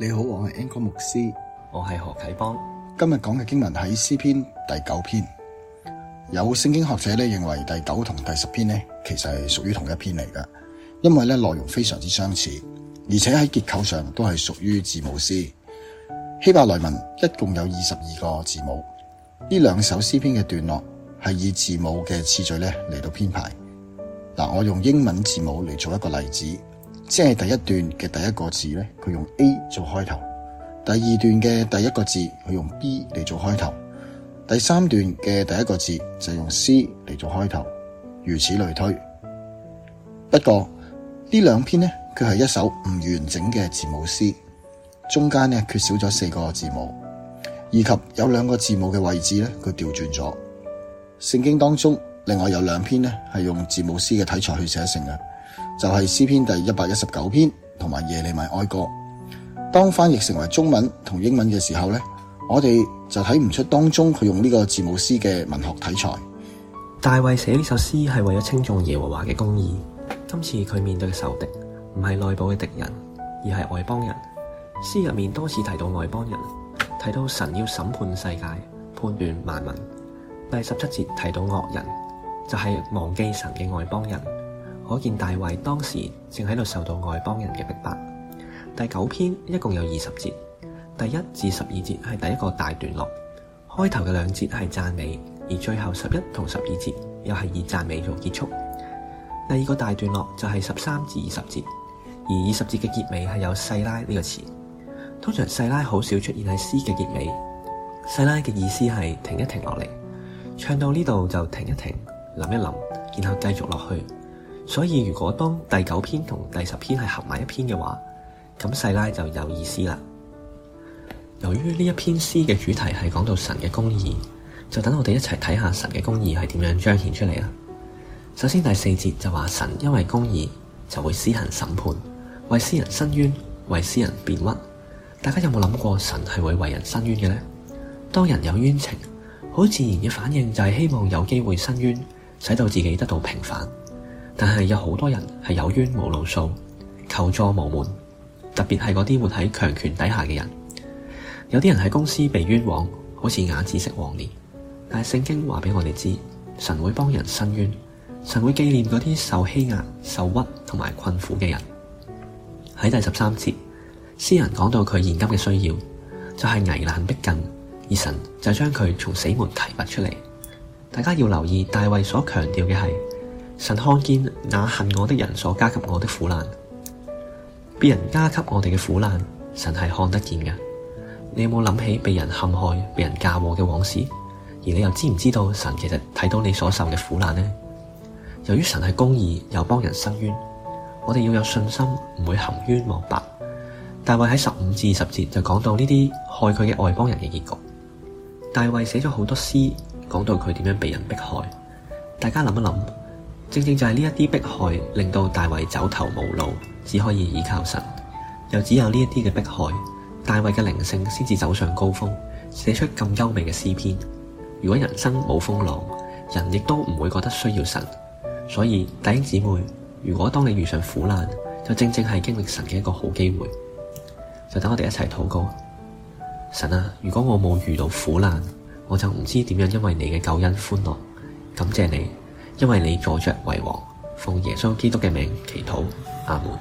你好，我係安哥牧師，我係何啟邦。今日講嘅經文喺詩篇第九篇，有聖經學者咧認為第九同第十篇咧其實係屬於同一篇嚟㗎，因為咧內容非常之相似，而且喺結構上都係屬於字母詩。希伯來文一共有二十二個字母，呢兩首詩篇嘅段落係以字母嘅次序咧嚟到編排。嗱，我用英文字母嚟做一個例子。即係第一段嘅第一個字咧，佢用 A 做開頭；第二段嘅第一個字佢用 B 嚟做開頭；第三段嘅第一個字就用 C 嚟做開頭，如此類推。不過呢兩篇呢，佢係一首唔完整嘅字母詩，中間咧缺少咗四個字母，以及有兩個字母嘅位置咧佢調轉咗。聖經當中另外有兩篇呢，係用字母詩嘅題材去寫成嘅。就係詩篇第一百一十九篇同埋耶利米哀歌，當翻譯成為中文同英文嘅時候咧，我哋就睇唔出當中佢用呢個字母詩嘅文學題材。大衛寫呢首詩係為咗稱頌耶和華嘅公義。今次佢面對嘅仇敵，唔係內部嘅敵人，而係外邦人。詩入面多次提到外邦人，提到神要審判世界，判斷萬民。第十七節提到惡人，就係、是、忘記神嘅外邦人。可見大衛當時正喺度受到外邦人嘅逼迫。第九篇一共有二十節，第一至十二節係第一個大段落，開頭嘅兩節係讚美，而最後十一同十二節又係以讚美做結束。第二個大段落就係十三至二十節，而二十節嘅結尾係有細拉呢個詞。通常細拉好少出現喺詩嘅結尾。細拉嘅意思係停一停落嚟，唱到呢度就停一停，諗一諗，然後繼續落去。所以，如果當第九篇同第十篇係合埋一篇嘅話，咁細拉就有意思啦。由於呢一篇詩嘅主題係講到神嘅公義，就等我哋一齊睇下神嘅公義係點樣彰顯出嚟啦。首先第四節就話神因為公義就會施行審判，為私人申冤，為私人辯屈。大家有冇諗過神係會為人申冤嘅呢？當人有冤情，好自然嘅反應就係希望有機會申冤，使到自己得到平反。但係有好多人係有冤無路訴，求助無門，特別係嗰啲活喺強權底下嘅人。有啲人喺公司被冤枉，好似啞子食黃連。但係聖經話俾我哋知，神會幫人伸冤，神會紀念嗰啲受欺壓、受屈同埋困苦嘅人。喺第十三節，詩人講到佢現今嘅需要，就係、是、危難逼近，而神就將佢從死門提拔出嚟。大家要留意大衛所強調嘅係。神看見那恨我的人所加給我的苦難，別人加給我哋嘅苦難，神係看得見嘅。你有冇諗起被人陷害、被人嫁禍嘅往事？而你又知唔知道神其實睇到你所受嘅苦難呢？由於神係公義，又幫人伸冤，我哋要有信心，唔會含冤枉白。大衛喺十五至二十節就講到呢啲害佢嘅外邦人嘅結局。大衛寫咗好多詩，講到佢點樣被人迫害。大家諗一諗。正正就係呢一啲迫害，令到大衛走投無路，只可以倚靠神。又只有呢一啲嘅迫害，大衛嘅靈性先至走上高峰，寫出咁優美嘅詩篇。如果人生冇風浪，人亦都唔會覺得需要神。所以弟兄姊妹，如果當你遇上苦難，就正正係經歷神嘅一個好機會。就等我哋一齊禱告，神啊，如果我冇遇到苦難，我就唔知點樣因為你嘅救恩歡樂，感謝你。因為你坐着為王，奉耶穌基督嘅名祈禱，阿門。